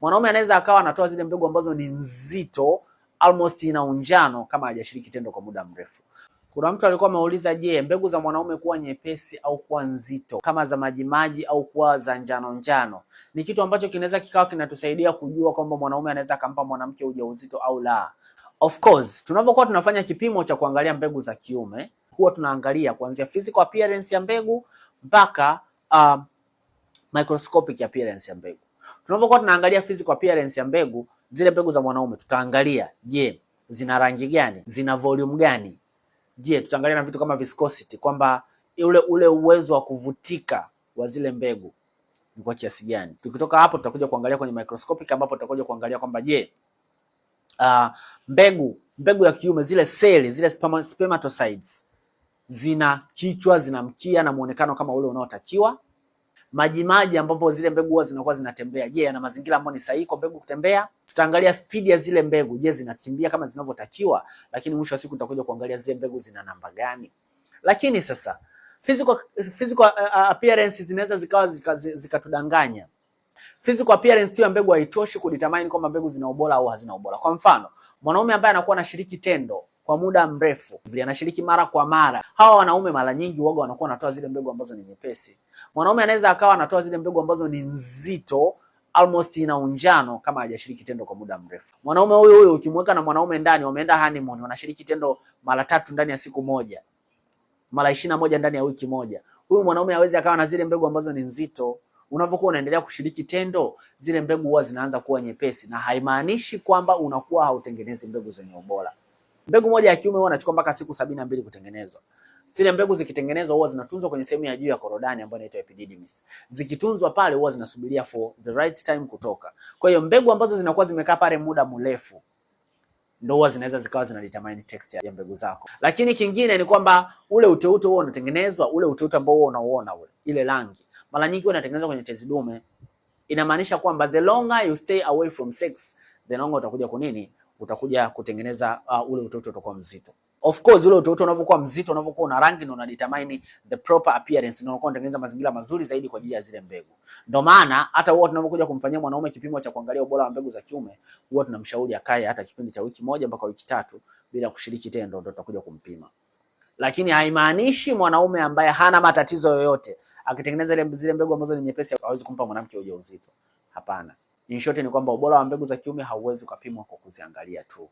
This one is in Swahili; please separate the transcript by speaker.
Speaker 1: Mwanaume anaweza akawa anatoa zile mbegu ambazo ni nzito almost ina unjano kama hajashiriki tendo kwa muda mrefu. Kuna mtu alikuwa ameuliza, je, mbegu za mwanaume kuwa nyepesi au kuwa nzito kama za majimaji au kuwa za njano njano ni kitu ambacho kinaweza kikawa kinatusaidia kujua kwamba mwanaume anaweza akampa mwanamke ujauzito au la. Of course, tunavyokuwa tunafanya kipimo cha kuangalia mbegu za kiume huwa tunaangalia kuanzia physical appearance ya mbegu mpaka uh, microscopic appearance ya mbegu. Tunapokuwa tunaangalia physical appearance ya mbegu, zile mbegu za mwanaume tutaangalia, je, zina rangi gani? Zina volume gani? Je, tutaangalia na vitu kama viscosity, kwamba ule ule uwezo wa kuvutika wa zile mbegu ni kwa kiasi gani. Tukitoka hapo, tutakuja kuangalia kwenye microscopic, ambapo tutakuja kuangalia kwamba je, uh, mbegu mbegu ya kiume zile seli zile spermatocytes zina kichwa, zina mkia na muonekano kama ule unaotakiwa majimaji ambapo zile mbegu huwa zinakuwa zinatembea. Je, yana mazingira ambayo ni sahihi kwa mbegu kutembea? Tutaangalia spidi ya zile mbegu, je, zinatimbia kama zinavyotakiwa? Lakini mwisho wa siku tutakuja kuangalia zile mbegu zina namba gani. Lakini sasa physical, physical uh, uh, appearance zinaweza zikawa zikatudanganya zika physical appearance tu ya mbegu haitoshi kudetermine kwamba mbegu zina ubora au hazina ubora. Kwa mfano, mwanaume ambaye anakuwa anashiriki tendo kwa muda mrefu, vile anashiriki mara kwa mara. Hawa wanaume mara nyingi uoga wanakuwa wanatoa zile mbegu ambazo ni nyepesi. Mwanaume anaweza akawa anatoa zile mbegu ambazo ni nzito almost ina unjano kama hajashiriki tendo kwa muda mrefu. Mwanaume huyo huyo ukimweka na mwanaume ndani, wameenda honeymoon, wanashiriki tendo mara tatu ndani ya siku moja, mara ishirini na moja ndani ya wiki moja, huyu mwanaume hawezi akawa na zile mbegu ambazo ni nzito. Unavyokuwa unaendelea kushiriki tendo, zile mbegu huwa zinaanza kuwa nyepesi, na haimaanishi kwamba unakuwa hautengenezi mbegu zenye ubora. Mbegu moja ya kiume huwa inachukua mpaka siku sabini na mbili kutengenezwa. Zile mbegu zikitengenezwa huwa zinatunzwa kwenye sehemu ya juu ya korodani ambayo inaitwa epididymis. Zikitunzwa pale huwa zinasubiria for the right time kutoka. Kwa hiyo mbegu ambazo zinakuwa zimekaa pale muda mrefu ndo huwa zinaweza zikawa zina determine texture ya mbegu zako. Lakini kingine ni kwamba ule uteute huo unatengenezwa, ule uteute ambao huo unaoona ule, ile rangi. Mara nyingi huwa inatengenezwa kwenye tezi dume. Inamaanisha kwamba the longer you stay away from sex, then wanga utakuja kunini, utakuja kutengeneza uh, ule utoto utakuwa mzito. Of course ule utoto unavyokuwa mzito, unavyokuwa una rangi, na unadetermine the proper appearance, ndio unakuwa unatengeneza mazingira mazuri zaidi kwa ajili ya zile mbegu. Ndio maana hata huwa tunapokuja kumfanyia mwanaume kipimo cha kuangalia ubora wa mbegu za kiume, huwa tunamshauri akae hata kipindi cha wiki moja mpaka wiki tatu bila kushiriki tendo, ndio tutakuja kumpima. Lakini haimaanishi mwanaume ambaye hana matatizo yoyote akitengeneza zile mbegu ambazo ni nyepesi hawezi kumpa mwanamke ujauzito. Hapana. In short ni kwamba ubora wa mbegu za kiume hauwezi kupimwa kwa kuziangalia tu.